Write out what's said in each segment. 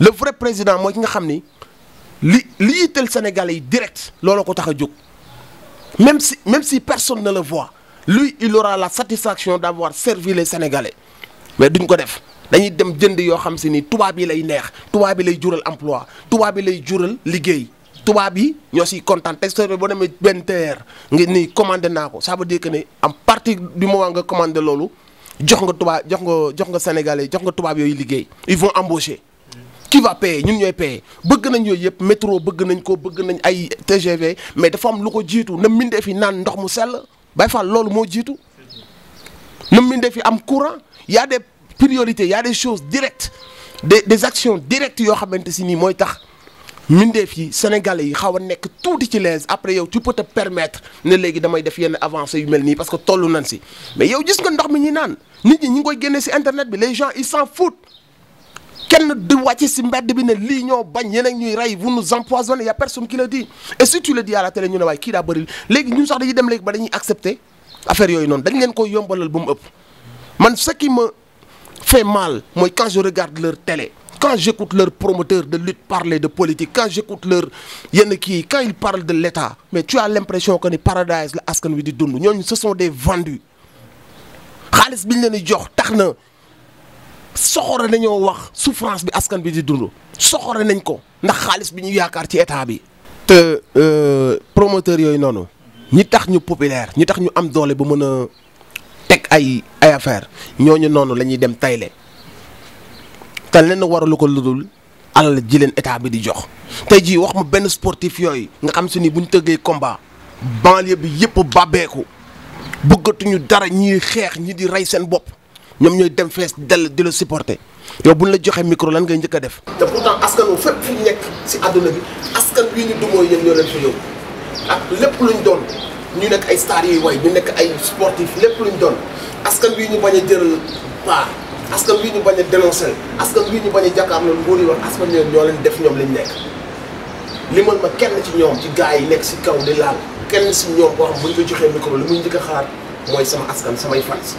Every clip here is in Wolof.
le vrai président mooy ki nga xamni li li yitteel Sénégalais direct lolo ko tax a même si même si personne ne le voit lui il aura la satisfaction d'avoir servi les Sénégalais mais duñ ko def dañuy dem jënd yo xam si ni tubaab yi lay neex tubaab yi lay jural emploi tubaab yi lay jural liguey tubaab yi ñoo siy kontaan bo demé ben terre ngi ni commandé nako ça veut dire que ni en partie du moment nga commander lolu jox nga tubaab jox nga jox nga Sénégalais jox nga tubaab yoy liguey ils vont embaucher qui va payer ñun ñoy payer bëgg nañ yoy yëpp métro bëgg nañ ko bëgg nañ ay TGV mais dafa am luko jitu na minde fi nan ndox mu sel bay faal loolu mo jitu na minde fi am courant y a des priorités y a des choses directes des des actions directes yo xamanteni ni moy tax minde fi sénégalais yi xawa nek touti ci l'aise après yow tu peux te permettre ne légui damay def yenn avancées yu mel nii parce que tollu nañ si mais yow gis nga ndox mi ñi nan nit ñi ñi ngi koy génne si internet bi les gens ils s'en foutent kenn du wati si mbedd bi ne lii ñoo bañ yeneen ñuy rey vous nous empoisonnez y a personne qui le dit et si tu le dis à la télé ñu ne qui kii les bëri léegi ñun sax dañuy dem léegi ba dañuy accepter affaire yooyu noonu dañ leen koy yombalal ba mu ëpp man ce qui me fait mal moi quand je regarde leur télé quand j'écoute leurs promoteurs de lutte parler de politique quand j'écoute leur yenn quand ils parlent de l'État mais tu as l'impression que ni paradise la qu'on wi di dund ñooñu ce sont des vendus xaalis biñ leen di jox taxna soxore nañoo wax souffrance bi askan bi di dund soxore nañ ko ndax xaalis bi ñu yaakaar ci état bi. te euh, promoteur yooyu noonu ñi tax ñu populaire ñi tax ñu am doole ba mën a teg ay ay affaire ñooñu noonu lañuy ñuy dem tayle te lenn waralu ko lu ludul alal ji leen état bi di jox. tey jii wax mu benn sportif yooyu nga xam si ni bu ñu tëggee combat banlieue bi yëpp bàbbeeku bëggatuñu dara ñiy xeex ñi di rey seen bopp. ñom ñoy dem fess dell di la supporter yow buñ la joxé micro lan ngay ñëk def. te pourtant askan wu fepp fu ñek ci aduna àdduna bi askan wi ñu dumooy ñoom ñoo leen fi yow ak lepp luñ doon ñu nekk ay star yi way ñu nekk ay sportif lepp luñ doon askan wi ñu baña a jëral part askan wi ñu baña dénoncer askan wi ñu baña jakar jàkkaarloo nguur yi won askan ñoom ñoo leen def ñom lañ nekk. limal ma kenn ci ñom ci gaay yi nekk si kaw di laal kenn ci ñom bo xam buñ ñu ko joxee micro li muy njëkk a xalaat sama askan samay fans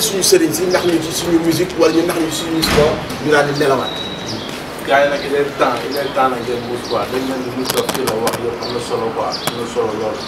ci suñu sëriñ si ndax ñu ci suñu musique wala ñu ndax ñu ci suñu sport ñu daal di nelawaat. gars yi nag il est temps il est temps leen di muus def ci wax yow am na solo quoi am na solo lool.